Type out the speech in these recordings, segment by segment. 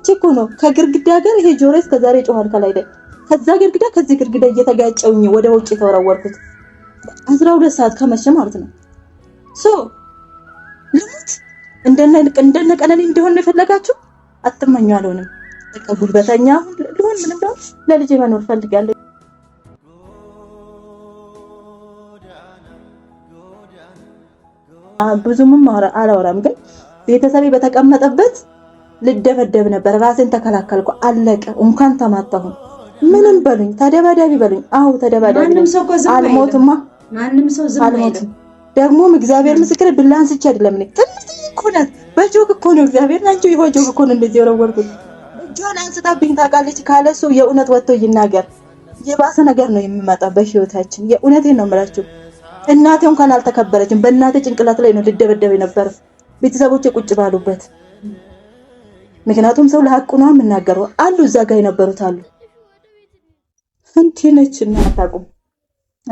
መጥቼ እኮ ነው ከግርግዳ ጋር ይሄ ጆሮ እስከዛሬ ጮኋል። ከላይ ላይ ከዛ ግርግዳ ከዚህ ግርግዳ እየተጋጨውኝ ወደ ውጭ የተወረወርኩት አስራ ሁለት ሰዓት ከመሸ ማለት ነው። ሶ ልሙት እንደነ ቀለኔ እንደሆነ የፈለጋችሁ አትመኙ። አልሆንም በቃ ጉልበተኛ ልሆን ምን እንደሆነ ለልጅ መኖር ፈልጋለሁ። ብዙም አላወራም ግን ቤተሰቤ በተቀመጠበት ልደበደብ ነበር። ራሴን ተከላከልኩ። አለቀ። እንኳን ተማጣሁኝ። ምንም በሉኝ፣ ተደባዳቢ በሉኝ። አዎ ተደባዳቢ። ሰው አልሞትማ፣ ሰው ዝም አልሞትም። ደግሞም እግዚአብሔር ምስክር ዱላ አንስቼ አይደለም እኔ ትንሽ እኮ ናት፣ በጆክ እኮ ነው። እግዚአብሔር ናቸው ይሆን ጆክ እኮ ነው እንደዚህ የወረወርኩት። እጇን አንስታብኝ ታውቃለች። ካለሱ የእውነት ወጥቶ ይናገር። የባሰ ነገር ነው የሚመጣ በህይወታችን። የእውነቴን ነው የምላችሁ። እናቴ እንኳን አልተከበረችም። በእናቴ ጭንቅላት ላይ ነው ልደበደብ የነበረ ቤተሰቦቼ ቁጭ ባሉበት ምክንያቱም ሰው ለሀቁ ነው የምናገረው አሉ እዛ ጋር የነበሩት አሉ። እንዲህ ነች እና አታውቁም።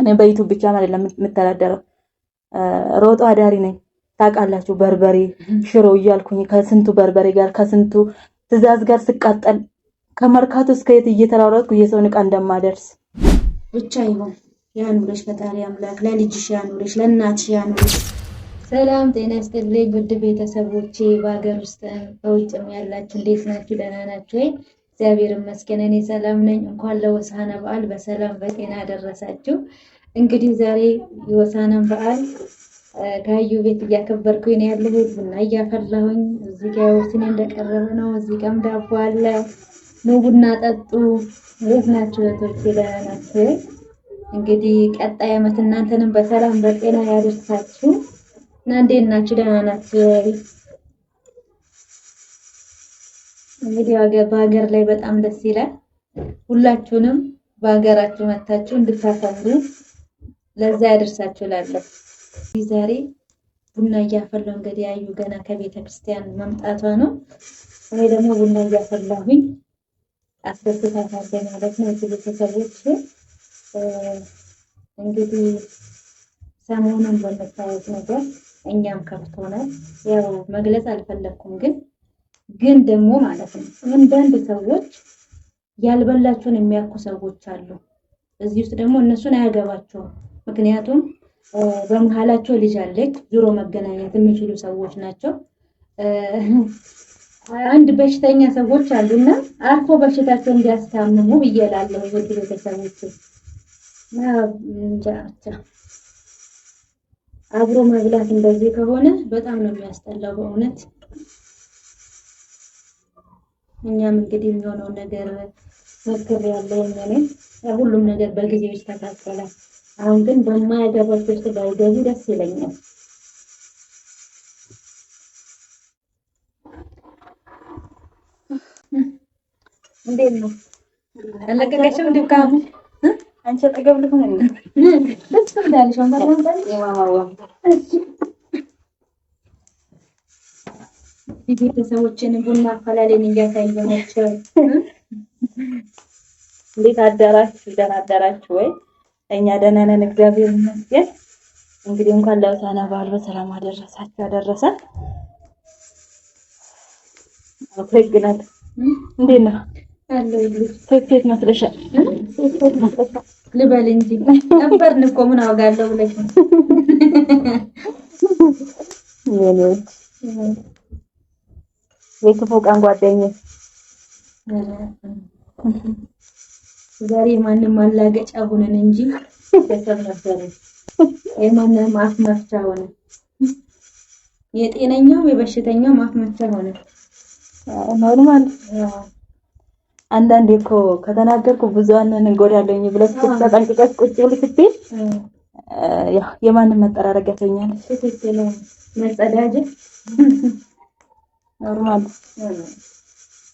እኔ በዩቱብ ብቻ ማለት የምተዳደረው ሮጦ አዳሪ ነኝ ታውቃላችሁ። በርበሬ ሽሮ እያልኩኝ ከስንቱ በርበሬ ጋር ከስንቱ ትእዛዝ ጋር ስቃጠል ከመርካቶ እስከ የት እየተራራጥኩ የሰውን ዕቃ እንደማደርስ ብቻ ይሆን ያኑርሽ ፈጣሪ አምላክ ለልጅሽ ያኑርሽ ለእናትሽ ያኑርሽ። ሰላም ጤና ይስጥልኝ ውድ ቤተሰቦቼ፣ በሀገር ውስጥም በውጭም ያላችሁ እንዴት ናችሁ? ደህና ናችሁ? ወይ? እግዚአብሔር ይመስገን እኔ ሰላም ነኝ። እንኳን ለወሳነ በዓል በሰላም በጤና ደረሳችሁ። እንግዲህ ዛሬ የሆሳዕናን በዓል ከአዩ ቤት እያከበርኩኝ ነው ያለሁት። ቡና እያፈላሁኝ እዚህ ጋ ወርሲን እንደቀረበ ነው። እዚህ ጋም ዳቦ አለ። ኑ ቡና ጠጡ። እንዴት ናችሁ እህቶቼ? ደህና ናችሁ? እንግዲህ ቀጣይ ዓመት እናንተንም በሰላም በጤና ያደርሳችሁ። እና እንዴት ናችሁ? ደህና ናችሁ? እንግዲህ በሀገር ላይ በጣም ደስ ይላል። ሁላችሁንም በሀገራችሁ መታችሁ እንድታከብሩ ለዛ ያደርሳችሁ እላለሁ። ዛሬ ቡና እያፈላሁ እንግዲህ ያዩ ገና ከቤተ ክርስቲያን መምጣቷ ነው። እኔ ደግሞ ቡና እያፈላሁኝ አስደስታታለሁ ማለት ነው። እዚህ ቤተሰቦች እንግዲህ ሰሞኑን በምታዩት ነገር እኛም ከብት ሆነን ያው መግለጽ አልፈለግኩም፣ ግን ግን ደግሞ ማለት ነው አንዳንድ ሰዎች ያልበላቸውን የሚያኩ ሰዎች አሉ። እዚህ ውስጥ ደግሞ እነሱን አያገባቸውም። ምክንያቱም በመሀላቸው ልጅ አለች፣ ዙሮ መገናኘት የሚችሉ ሰዎች ናቸው። አንድ በሽተኛ ሰዎች አሉና አርፎ በሽታቸው እንዲያስታምሙ ብዬ እላለሁ። ውድ ቤተሰቦች አብሮ መብላት እንደዚህ ከሆነ በጣም ነው የሚያስጠላው በእውነት። እኛም እንግዲህ የሚሆነውን ነገር መክር ያለው እኔም ሁሉም ነገር በጊዜ ይስተካከላል። አሁን ግን በማያገባቸው ውስጥ ባይገቡ ደስ ይለኛል። እንዴት ነው አለቀቀሽው? አንቺ አጠገብ ልሆን ቤተሰቦችን ቡና አፈላለን እያሳየናቸው እንዴት አዳራችሁ? ደህና አዳራችሁ ወይ? እኛ ደህና ነን፣ እግዚአብሔር ይመስገን። እንግዲህ እንኳን ለሆሳዕና በዓል በሰላም አደረሳችሁ አደረሰን። አመሰግናለሁ። እንዴት ነው? ልበል እንጂ ነበርን እኮ ምን አውጋለሁ ብለሽ ነው። የክፉ ቀን ዛሬ ማንም ማላገጫ ሆነን እንጂ ነበር። የማንም አፍ መፍቻ ሆነ። አፍ መፍቻ ሆነ። ኖርማል አንዳንዴ እኮ ከተናገርኩ ብዙን እንጎዳለኝ ብለህ ተጠንቅቀሽ ቁጭ ብለሽ ስትይ የማንም መጠራረግ ያሰኛል። መጸዳጀት ኖርማል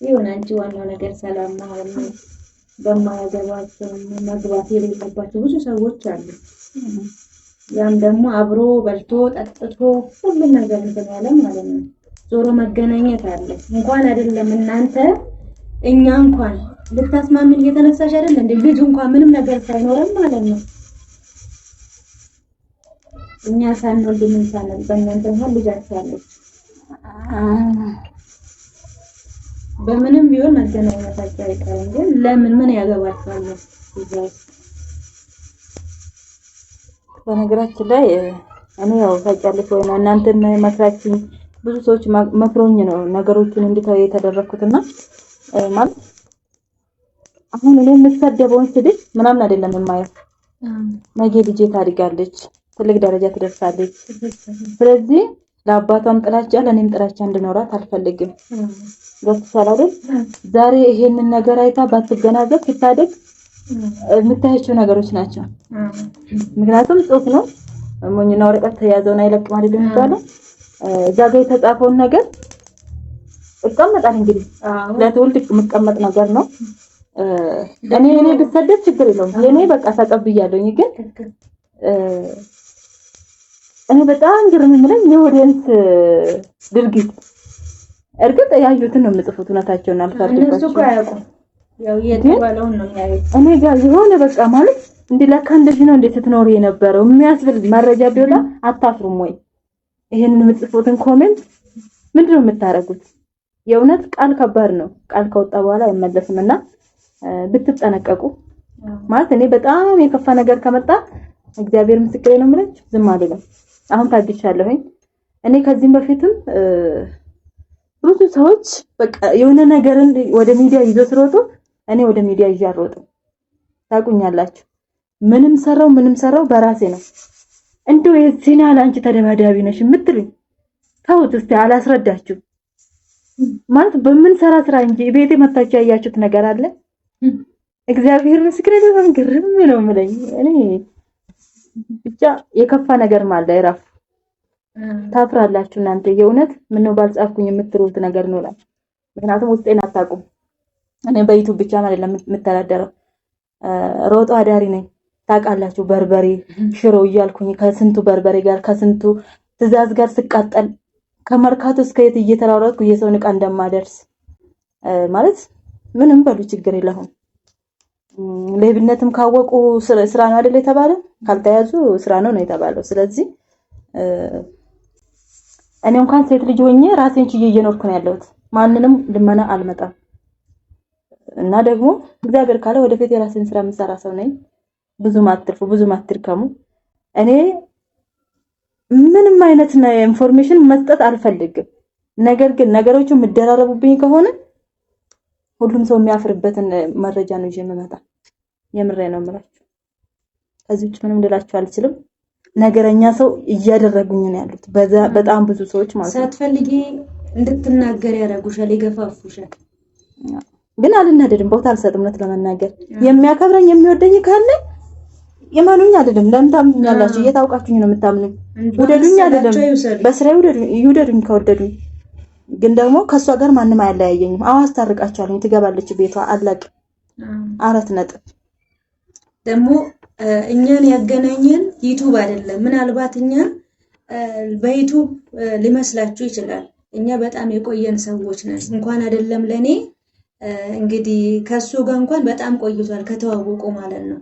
ይሁን። አንቺ ዋናው ነገር ሰላም መሆን ነው። በማያገባቸው መግባት የሌለባቸው ብዙ ሰዎች አሉ። ያም ደግሞ አብሮ በልቶ ጠጥቶ ሁሉም ነገር እንትን ያለ ማለት ነው። ዞሮ መገናኘት አለ እንኳን አይደለም እናንተ እኛ እንኳን ልታስማምን እየተነሳሽ አይደል እንዴ? ልጅ እንኳን ምንም ነገር ሳይኖረን ማለት ነው። እኛ ሳንወልድ ምን ሳንል በእናንተ እንኳን ልጅ አትሳለች። በምንም ቢሆን መገናኘታቸው አይቀርም። ግን ለምን ምን ያገባችኋል? በነገራችን ላይ እኔ ያው ታውቂያለሽ ወይ ነው እናንተም መክራችሁኝ፣ ብዙ ሰዎች መክሮኝ ነው ነገሮችን እንድታዩ የተደረኩትና ማለት አሁን እኔ የምሰደበውን ስድብ ምናምን አይደለም የማየው። ነገ ልጄ ታድጋለች፣ ትልቅ ደረጃ ትደርሳለች። ስለዚህ ለአባቷም ጥላቻ ለእኔም ጥላቻ እንድኖራት አልፈልግም። ገብቶሻል አይደል? ዛሬ ይሄንን ነገር አይታ ባትገናዘብ ስታደግ የምታያቸው ነገሮች ናቸው። ምክንያቱም ጽሑፍ ነው፣ ሞኝና ወረቀት የያዘውን አይለቅም አይደል የሚባለው። እዛ ጋር የተጻፈውን ነገር እቀመጣል እንግዲህ ለትውልድ የምቀመጥ ነገር ነው። እኔ እኔ ብሰደድ ችግር የለውም። የኔ በቃ ተቀብያለሁኝ። ግን እኔ በጣም ግርም የምለኝ የኦዲየንስ ድርጊት እርግጥ ያዩትን ነው የምጽፉት። እውነታቸውን አልፈርድባቸውም። እኔ ጋር የሆነ በቃ ማለት እንዴ ለካ እንደዚህ ነው እንዴ ስትኖር የነበረው የሚያስብል መረጃ ቢወጣ አታፍሩም ወይ? ይሄንን የምጽፉትን ኮሜንት ምንድን ነው የምታረጉት? የእውነት ቃል ከባድ ነው። ቃል ከወጣ በኋላ አይመለስም እና ብትጠነቀቁ ማለት እኔ በጣም የከፋ ነገር ከመጣ እግዚአብሔር ምስክሬ ነው የምለች ዝም አልልም። አሁን ታግቻለሁኝ። እኔ ከዚህም በፊትም ብዙ ሰዎች በቃ የሆነ ነገርን ወደ ሚዲያ ይዞ ስሮጡ እኔ ወደ ሚዲያ ይዤ አልሮጥም። ታቁኛላችሁ። ምንም ሰራው ምንም ሰራው በራሴ ነው። እንደው የዚህን ያህል አንቺ ተደባዳቢ ነሽ የምትሉኝ ተውት እስቲ አላስረዳችሁ ማለት በምንሰራ ስራ እንጂ ቤቴ መታችሁ ያያችሁት ነገር አለ። እግዚአብሔር ምስክሬ ነው። ግርም ነው የምለኝ እኔ ብቻ። የከፋ ነገርም አለ። እረፉ። ታፍራላችሁ እናንተ የእውነት ነው ባልጻፍኩኝ የምትሉት ነገር ነው። ምክንያቱም ውስጤን አታውቁም። እኔ በዩቱብ ብቻ ማለት የምተዳደረው ሮጦ አዳሪ ነኝ ታውቃላችሁ። በርበሬ ሽሮ እያልኩኝ ከስንቱ በርበሬ ጋር ከስንቱ ትዕዛዝ ጋር ስቃጠል ከመርካቶ እስከ የት እየተራራጥኩ የሰውን እቃ እንደማደርስ ማለት ምንም በሉ ችግር የለውም። ሌብነትም ካወቁ ስራ ነው አይደል የተባለ፣ ካልተያዙ ስራ ነው ነው የተባለው። ስለዚህ እኔ እንኳን ሴት ልጅ ሆኜ ራሴን ችዬ እየኖርኩ ነው ያለሁት። ማንንም ልመና አልመጣም እና ደግሞ እግዚአብሔር ካለ ወደፊት የራሴን ስራ የምሰራ ሰው ነኝ። ብዙም አትልፉ፣ ብዙም አትድከሙ። እኔ ምንም አይነት ኢንፎርሜሽን መስጠት አልፈልግም። ነገር ግን ነገሮቹ የምደራረቡብኝ ከሆነ ሁሉም ሰው የሚያፍርበትን መረጃ ነው ይዤ የምመጣ። የምሬ ነው የምላችሁ። ከዚህ ውጭ ምንም ልላችሁ አልችልም። ነገረኛ ሰው እያደረጉኝ ነው ያሉት በጣም ብዙ ሰዎች ማለት ነው። ሳትፈልጊ እንድትናገር ያደርጉሻል፣ ይገፋፉሻል። ግን አልናደድም፣ ቦታ አልሰጥም። እውነት ለመናገር የሚያከብረኝ የሚወደኝ ካለ የማኑኝ አይደለም። ለምን ታምኛላችሁ? እየታውቃችሁኝ ነው የምታምኑኝ። ውደዱኝ አይደለም፣ በስራ ይውደዱኝ። ከወደዱኝ ግን ደግሞ ከእሷ ጋር ማንም አያለያየኝም። አዎ አስታርቃችኋለሁ። ትገባለች ቤቷ። አለቅ አራት ነጥብ ደግሞ እኛን ያገናኘን ዩቱብ አይደለም። ምናልባት እኛ በዩቱብ ሊመስላችሁ ይችላል። እኛ በጣም የቆየን ሰዎች ነን። እንኳን አይደለም ለእኔ እንግዲህ ከእሱ ጋር እንኳን በጣም ቆይቷል ከተዋወቁ ማለት ነው።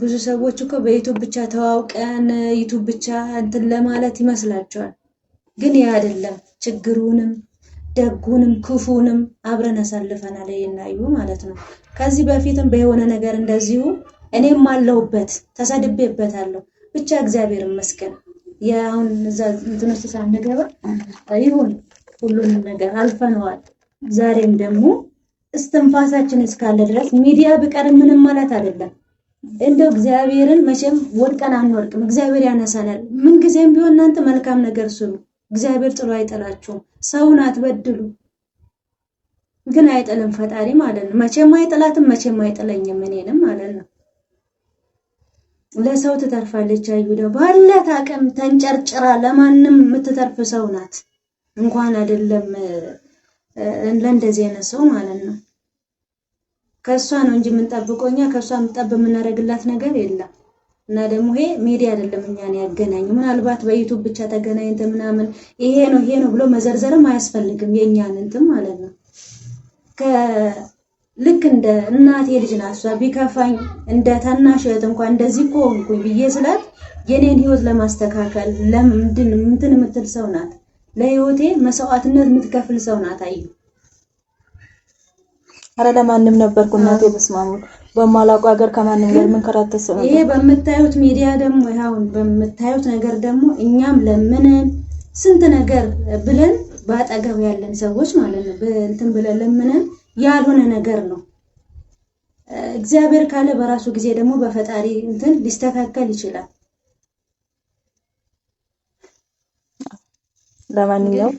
ብዙ ሰዎች እኮ በዩቱብ ብቻ ተዋውቀን ዩቱብ ብቻ እንትን ለማለት ይመስላቸዋል። ግን ያ አይደለም። ችግሩንም ደጉንም ክፉንም አብረን አሳልፈናል። ይናዩ ማለት ነው። ከዚህ በፊትም በሆነ ነገር እንደዚሁ እኔም አለሁበት ተሰድቤበታለሁ። ብቻ እግዚአብሔር ይመስገን። የአሁን እዛ እንትን ውስጥ ሳንገባ ይሁን ሁሉንም ነገር አልፈነዋል። ዛሬም ደግሞ እስትንፋሳችን እስካለ ድረስ ሚዲያ ብቀር ምንም ማለት አይደለም። እንደው እግዚአብሔርን መቼም ወድቀን አንወርቅም። እግዚአብሔር ያነሳናል። ምንጊዜም ቢሆን እናንተ መልካም ነገር ስሩ። እግዚአብሔር ጥሎ አይጠላችሁም። ሰውን አትበድሉ፣ ግን አይጥልም ፈጣሪ ማለት ነው። መቼም አይጥላትም፣ መቼም አይጥለኝም እኔንም ማለት ነው። ለሰው ትተርፋለች። አይሁዳ ባላት አቅም ተንጨርጭራ ለማንም የምትተርፍ ሰው ናት። እንኳን አይደለም ለእንደዚህ አይነት ሰው ማለት ነው። ከእሷ ነው እንጂ የምንጠብቀው እኛ ከእሷ የምጠብ የምናደርግላት ነገር የለም። እና ደግሞ ይሄ ሚዲያ አይደለም እኛን ያገናኝ። ምናልባት በዩቱብ ብቻ ተገናኝተ ምናምን ይሄ ነው ይሄ ነው ብሎ መዘርዘርም አያስፈልግም። የእኛን እንትን ማለት ነው ልክ እንደ እናቴ ልጅ ናት እሷ። ቢከፋኝ እንደ ታናሽ እህት እንኳን እንደዚህ እኮ ሆንኩኝ ብዬ ስላት የኔን ህይወት ለማስተካከል ለምንድን እንትን የምትል ሰው ናት። ለህይወቴ መስዋዕትነት የምትከፍል ሰው ናት አዩ አረ ለማንም ነበርኩ እናቴ በስማሙ በማላውቀው ሀገር ከማንም ጋር ምን ከራተሰ ነው። ይሄ በምታዩት ሚዲያ ደግሞ ያው በምታዩት ነገር ደግሞ እኛም ለምንን ስንት ነገር ብለን ባጠገብ ያለን ሰዎች ማለት ነው እንትን ብለን ለምንን ያልሆነ ነገር ነው። እግዚአብሔር ካለ በራሱ ጊዜ ደግሞ በፈጣሪ እንትን ሊስተካከል ይችላል። ለማንኛውም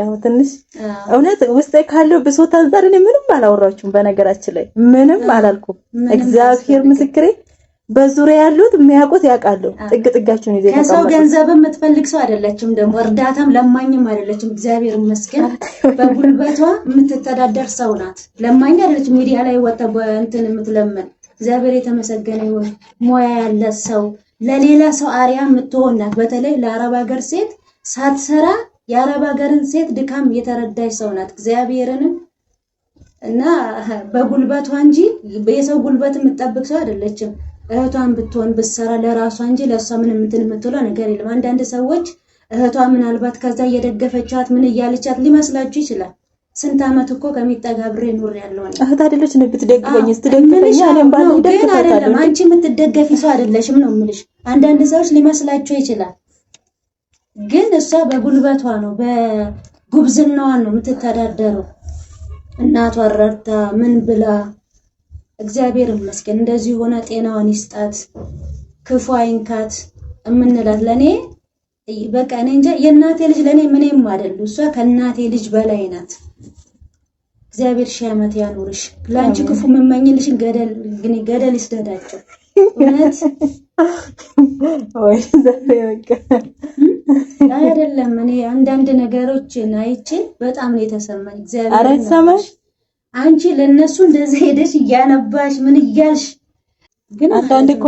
ያው ትንሽ እውነት ውስጤ ካለው ብሶት አንፃር እኔ ምንም አላወራችሁም። በነገራችን ላይ ምንም አላልኩም። እግዚአብሔር ምስክሬ፣ በዙሪያ ያሉት የሚያውቁት ያውቃሉ። ጥግ ጥጋችሁን ይዘ ከሰው ገንዘብም የምትፈልግ ሰው አይደለችም፣ ደግሞ እርዳታም ለማኝም አይደለችም። እግዚአብሔር ይመስገን በጉልበቷ የምትተዳደር ሰው ናት። ለማኝ አይደለች፣ ሚዲያ ላይ ወጣ በእንትን የምትለምን እግዚአብሔር የተመሰገነ ይሁን። ሙያ ያለ ሰው ለሌላ ሰው አሪያ የምትሆን ናት። በተለይ ለአረብ ሀገር ሴት ሳትሰራ የአረብ ሀገርን ሴት ድካም የተረዳች ሰው ናት። እግዚአብሔርንም እና በጉልበቷ እንጂ የሰው ጉልበት የምትጠብቅ ሰው አይደለችም። እህቷን ብትሆን ብትሰራ ለራሷ እንጂ ለእሷ ምን ምትን የምትውለው ነገር የለም። አንዳንድ ሰዎች እህቷ ምናልባት ከዛ እየደገፈቻት ምን እያለቻት ሊመስላችሁ ይችላል። ስንት ዓመት እኮ ከሚጠጋ ብሬ ኑር ያለው ነው። እህት አይደለች ነው ብትደግፈኝ ስትደግፈኝ አንቺ የምትደገፊ ሰው አይደለሽም ነው የምልሽ። አንዳንድ ሰዎች ሊመስላቸው ይችላል። ግን እሷ በጉልበቷ ነው በጉብዝናዋን ነው የምትተዳደረው። እናቷ ረድታ ምን ብላ እግዚአብሔር ይመስገን እንደዚህ የሆነ ጤናዋን ይስጣት፣ ክፉ አይንካት የምንላት ለእኔ በቃ እኔ እንጃ የእናቴ ልጅ ለእኔ ምንም አይደሉ። እሷ ከእናቴ ልጅ በላይ ናት። እግዚአብሔር ሺህ ዓመት ያኑርሽ። ለአንቺ ክፉ የምመኝልሽን ገደል ይስደዳቸው እውነት ወይ ዛሬ በቃ አይደለም። እኔ አንዳንድ ነገሮችን አይቼ በጣም ነው የተሰማኝ። እግዚአብሔር አረ ተሰማሽ። አንቺ ለነሱ እንደዚህ ሄደሽ እያነባሽ ምን እያልሽ ግን አንዳንድ እኮ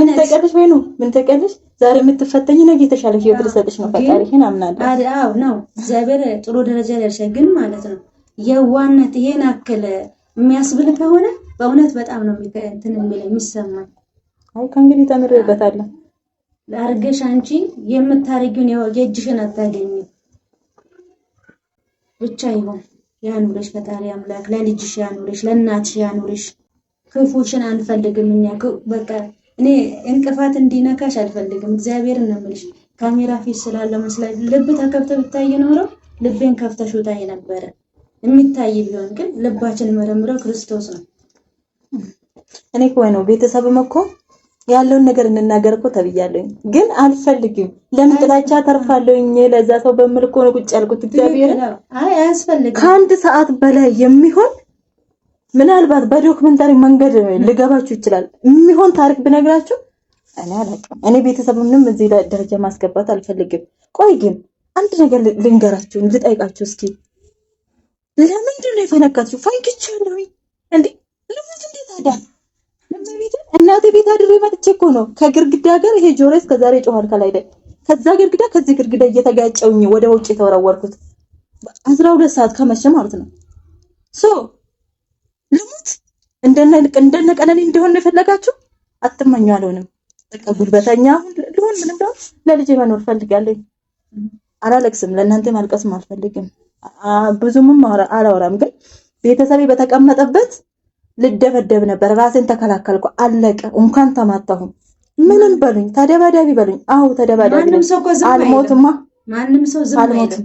ምን ተቀልሽ ወይ ነው ምን ተቀልሽ? ዛሬ የምትፈተኝ ነገ የተሻለ ህይወት ልሰጥሽ ነው። ፈጣሪ ይሄን አምናለሁ። አዎ ነው እግዚአብሔር ጥሩ ደረጃ ደርሻ ግን ማለት ነው የዋነት ይሄን አክል የሚያስብል ከሆነ በእውነት በጣም ነው እንትን የሚሰማኝ አይ ከእንግዲህ ተምሬበታለሁ። አርገሽ አንቺ የምታረጊውን የእጅሽን አታገኝም። ብቻ ይሁን ያኑርሽ ፈጣሪ አምላክ፣ ለልጅሽ ያኑርሽ፣ ለእናትሽ ያኑርሽ። ክፉሽን አንፈልግም እኛ በቃ እኔ እንቅፋት እንዲነካሽ አልፈልግም። እግዚአብሔር ነው የምልሽ። ካሜራ ፊት ስላለ መስላ ልብ ተከፍተ ብታይ ኖረው ልቤን ከፍተሽ ውጣይ ነበረ የሚታይ ቢሆን ግን ልባችን መረምረው ክርስቶስ ነው። እኔ እኮ ነው ቤተሰብም እኮ ያለውን ነገር እንናገር እኮ ተብያለሁኝ፣ ግን አልፈልግም። ለምን ጥላቻ ተርፋለሁኝ ለዛ ሰው በምል እኮ ነው ቁጭ ያልኩት። እግዚአብሔር አይ አያስፈልግም። ከአንድ ሰዓት በላይ የሚሆን ምናልባት በዶክመንታሪ መንገድ ልገባችሁ ይችላል የሚሆን ታሪክ ብነግራችሁ እኔ አላውቅም። እኔ ቤተሰብ ምንም እዚህ ደረጃ ማስገባት አልፈልግም። ቆይ ግን አንድ ነገር ልንገራችሁ፣ ልጠይቃችሁ እስኪ ለምንድን ነው የፈነካችሁ? ፈንክቻለሁኝ እንዴ ለምን እንዴ ታዲያ እናቴ ቤት አድሬ መጥቼ እኮ ነው ከግርግዳ ጋር ይሄ ጆሮ ዛሬ ጮኋል። ከላይ ላይ ከዛ ግርግዳ ከዚህ ግርግዳ እየተጋጨውኝ ወደ ውጭ የተወረወርኩት አስራ ሁለት ሰዓት ከመሸ ማለት ነው። ሶ ልሙት እንደነ እንደነ ቀነኔ እንደሆነ የፈለጋችሁ አትመኙ። አልሆንም በቃ ጉልበተኛ ልሆን ምንም ደው ለልጄ መኖር ፈልጋለሁ። አላለቅስም፣ ለእናንተ ማልቀስም አልፈልግም። ብዙምም አላወራም፣ ግን ቤተሰቤ በተቀመጠበት ልደበደብ ነበር። ራሴን ተከላከልኩ። አለቀ። እንኳን ተማታሁም። ምንም በሉኝ፣ ተደባዳቢ በሉኝ። አዎ ተደባዳቢ። አልሞትማ፣ አልሞትም።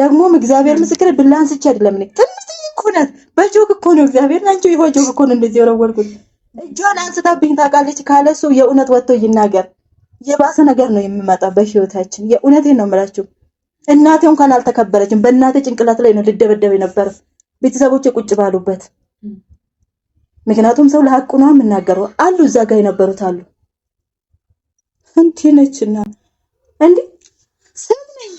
ደግሞም እግዚአብሔር ምስክር ብላን አንስቼ አይደለም እኔ ትንሽዬ እኮ ናት፣ በጆግ እኮ ነው። እግዚአብሔር ናንቺ ይሆ ጆክ እኮ ነው እንደዚህ የወረወርኩት። እጇን አንስታብኝ ታውቃለች። ካለሱ የእውነት ወጥቶ ይናገር። የባሰ ነገር ነው የሚመጣ በህይወታችን። የእውነቴን ነው የምላችሁ። እናቴ እንኳን አልተከበረችም። በእናቴ ጭንቅላት ላይ ነው ልደበደብ የነበረ ቤተሰቦቼ ቁጭ ባሉበት ምክንያቱም ሰው ለሀቁ ነው የምናገረው አሉ እዛ ጋር የነበሩት አሉ። እንዲህ ነችና እንዴ ሰው ነኝ።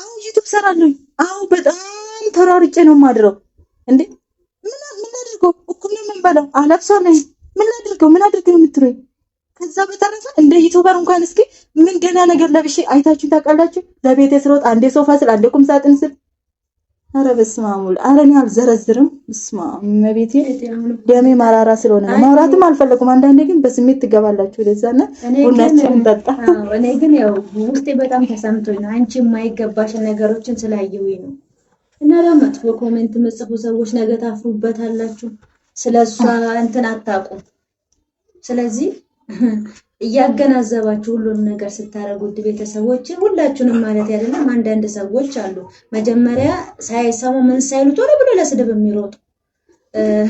አሁን ዩቱብ ሰራለኝ። አሁ በጣም ተሯርጬ ነው የማድረው። እንዴ ምን ምን ላድርገው? እኩል ነው የምንበላው። ነኝ። ምን ላድርገው? ምን አድርገው የምትሉኝ? ከዛ በተረፈ እንደ ዩቱበር እንኳን እስኪ ምን ነገር ለብሼ አይታችሁን ታውቃላችሁ? ለቤቴ ስሮጥ አንዴ ሶፋ ስል አንዴ ቁምሳጥን ስል አረ በስመ አብ ወልድ አረ እኔ አልዘረዝርም። በስመ አብ እመቤቴ ደሜ ማራራ ስለሆነ ነው ማውራትም አልፈለኩም። አንዳንዴ ግን በስሜት ትገባላችሁ ወደዛና ቡናችንን ጠጣ። እኔ ግን ያው ውስጤ በጣም ተሰምቶኝ ነው አንቺ የማይገባሽን ነገሮችን ስላየሁኝ ነው። እና ለመጥፎ ኮሜንት መጽፉ ሰዎች ነገ ታፍሩበታላችሁ። ስለሷ እንትን አታውቁም። ስለዚህ እያገናዘባችሁ ሁሉንም ነገር ስታደርጉ ውድ ቤተሰቦችን ሁላችሁንም ማለት አይደለም። አንዳንድ ሰዎች አሉ መጀመሪያ ሳይሰሙ ምን ሳይሉ ቶሎ ብሎ ለስድብ የሚሮጡ።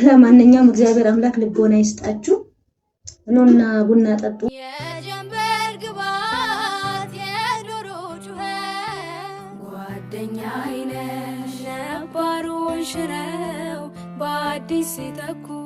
ለማንኛውም እግዚአብሔር አምላክ ልቦና ይስጣችሁ። ኑና ቡና ጠጡ። የጀንበር ግባት የዶሮ ጩኸት ጓደኛ አይነ ነባሩን ሽረው በአዲስ ሲተኩ